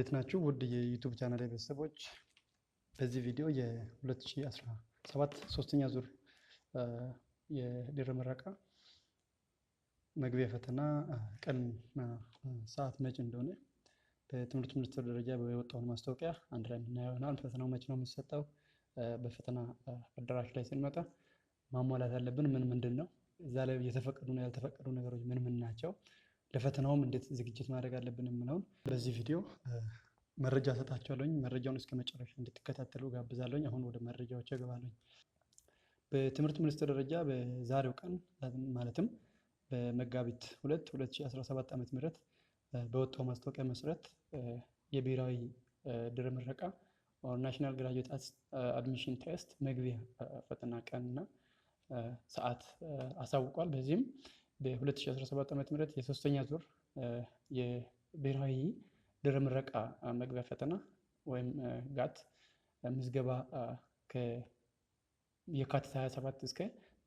እንዴት ናችሁ? ውድ የዩቱብ ቻናል ቤተሰቦች፣ በዚህ ቪዲዮ የ2017 ሶስተኛ ዙር የድህረ ምረቃ መግቢያ ፈተና ቀንና ሰዓት መቼ እንደሆነ በትምህርት ሚኒስቴር ደረጃ የወጣውን ማስታወቂያ አንድ ላይ የምናየው ይሆናል። ፈተናው መቼ ነው የሚሰጠው? በፈተና አዳራሽ ላይ ስንመጣ ማሟላት ያለብን ምን ምንድን ነው? እዛ ላይ የተፈቀዱ ያልተፈቀዱ ነገሮች ምን ምን ናቸው? ለፈተናውም እንዴት ዝግጅት ማድረግ አለብን የምለውን በዚህ ቪዲዮ መረጃ ሰጣቸዋለኝ። መረጃውን እስከ መጨረሻ እንድትከታተሉ ጋብዛለኝ። አሁን ወደ መረጃዎች እገባለኝ። በትምህርት ሚኒስቴር ደረጃ በዛሬው ቀን ማለትም በመጋቢት ሁለት 2017 ዓ ም በወጣው ማስታወቂያ መሰረት የብሔራዊ ድህረ ምረቃ ናሽናል ግራጁዌት አድሚሽን ቴስት መግቢያ ፈተና ቀንና ሰዓት አሳውቋል። በዚህም በ2017 ዓ.ም የሶስተኛ ዙር የብሔራዊ ድህረ ምረቃ መግቢያ ፈተና ወይም ጋት ምዝገባ የካቲት 27 እስከ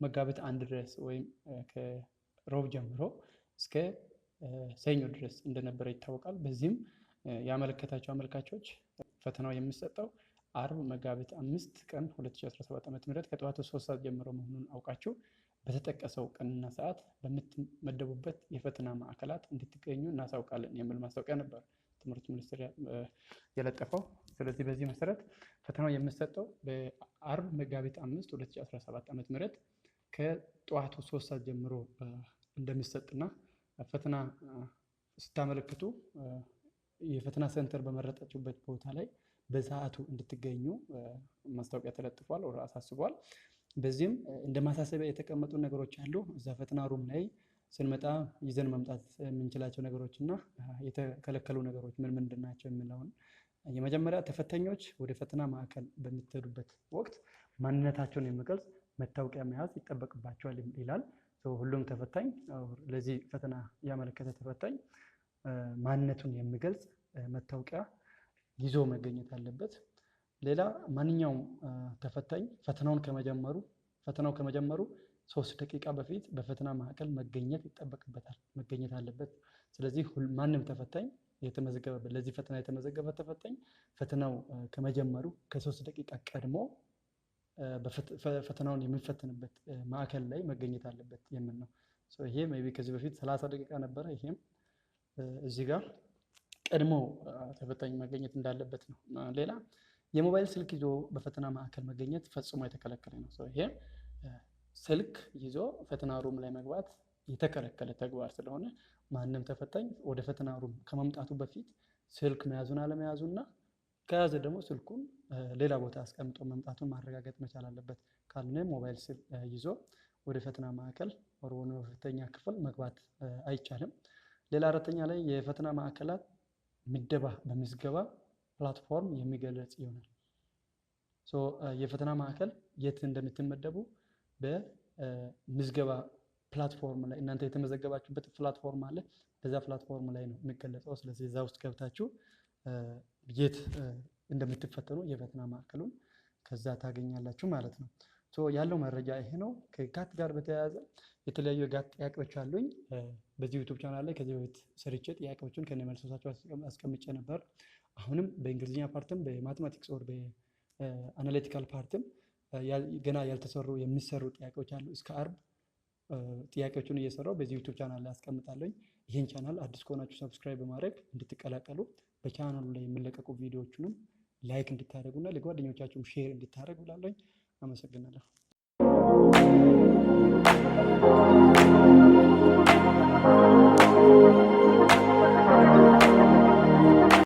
መጋቢት አንድ ድረስ ወይም ከሮብ ጀምሮ እስከ ሰኞ ድረስ እንደነበረ ይታወቃል። በዚህም ያመለከታቸው አመልካቾች ፈተናው የሚሰጠው አርብ መጋቢት አምስት ቀን 2017 ም ከጠዋቱ ሶስት ሰዓት ጀምሮ መሆኑን አውቃችሁ በተጠቀሰው ቀንና ሰዓት በምትመደቡበት የፈተና ማዕከላት እንድትገኙ እናሳውቃለን የሚል ማስታወቂያ ነበር ትምህርት ሚኒስቴር የለጠፈው። ስለዚህ በዚህ መሰረት ፈተናው የምሰጠው በአርብ መጋቢት አምስት 2017 ዓ ም ከጠዋቱ ሶስት ሰዓት ጀምሮ እንደሚሰጥና ፈተና ስታመለክቱ የፈተና ሴንተር በመረጣችሁበት ቦታ ላይ በሰዓቱ እንድትገኙ ማስታወቂያ ተለጥፏል አሳስቧል። በዚህም እንደ ማሳሰቢያ የተቀመጡ ነገሮች አሉ። እዛ ፈተና ሩም ላይ ስንመጣ ይዘን መምጣት የምንችላቸው ነገሮች እና የተከለከሉ ነገሮች ምን ምንድን ናቸው የሚለውን የመጀመሪያ ተፈተኞች ወደ ፈተና ማዕከል በሚትሄዱበት ወቅት ማንነታቸውን የሚገልጽ መታወቂያ መያዝ ይጠበቅባቸዋል ይላል። ሁሉም ተፈታኝ ለዚህ ፈተና ያመለከተ ተፈታኝ ማንነቱን የሚገልጽ መታወቂያ ይዞ መገኘት አለበት። ሌላ ማንኛውም ተፈታኝ ፈተናውን ከመጀመሩ ፈተናው ከመጀመሩ ሶስት ደቂቃ በፊት በፈተና ማዕከል መገኘት ይጠበቅበታል፣ መገኘት አለበት። ስለዚህ ማንም ተፈታኝ የተመዘገበበት ለዚህ ፈተና የተመዘገበ ተፈታኝ ፈተናው ከመጀመሩ ከሶስት ደቂቃ ቀድሞ ፈተናውን የሚፈትንበት ማዕከል ላይ መገኘት አለበት የሚል ነው። ይሄ ሜይ ቢ ከዚህ በፊት ሰላሳ ደቂቃ ነበረ። ይሄም እዚህ ጋር ቀድሞ ተፈታኝ መገኘት እንዳለበት ነው። ሌላ የሞባይል ስልክ ይዞ በፈተና ማዕከል መገኘት ፈጽሞ የተከለከለ ነው። ይሄ ስልክ ይዞ ፈተና ሩም ላይ መግባት የተከለከለ ተግባር ስለሆነ ማንም ተፈታኝ ወደ ፈተና ሩም ከመምጣቱ በፊት ስልክ መያዙን አለመያዙና ከያዘ ደግሞ ስልኩን ሌላ ቦታ አስቀምጦ መምጣቱን ማረጋገጥ መቻል አለበት። ካልሆነ ሞባይል ስልክ ይዞ ወደ ፈተና ማዕከል ወደ ፈተኛ ክፍል መግባት አይቻልም። ሌላ አራተኛ ላይ የፈተና ማዕከላት ምደባ በምዝገባ ፕላትፎርም የሚገለጽ ይሆናል። የፈተና ማዕከል የት እንደምትመደቡ በምዝገባ ፕላትፎርም ላይ እናንተ የተመዘገባችሁበት ፕላትፎርም አለ። በዛ ፕላትፎርም ላይ ነው የሚገለጸው። ስለዚህ እዛ ውስጥ ገብታችሁ የት እንደምትፈተኑ የፈተና ማዕከሉን ከዛ ታገኛላችሁ ማለት ነው። ያለው መረጃ ይሄ ነው። ከጋት ጋር በተያያዘ የተለያዩ የጋት ጥያቄዎች አሉኝ። በዚህ ዩቱብ ቻናል ላይ ከዚህ በፊት ስርጭት ጥያቄዎችን ከነመልሶቻቸው አስቀምጬ ነበር። አሁንም በእንግሊዝኛ ፓርትም በማትማቲክስ ኦር በአናሊቲካል ፓርትም ገና ያልተሰሩ የሚሰሩ ጥያቄዎች አሉ። እስከ አርብ ጥያቄዎቹን እየሰራው በዚህ ዩቱብ ቻናል ላይ አስቀምጣለኝ። ይህን ቻናል አዲስ ከሆናችሁ ሰብስክራይብ በማድረግ እንድትቀላቀሉ በቻናሉ ላይ የሚለቀቁ ቪዲዮዎቹንም ላይክ እንድታደርጉና ለጓደኞቻችሁም ሼር እንድታደርጉ ላለኝ አመሰግናለሁ።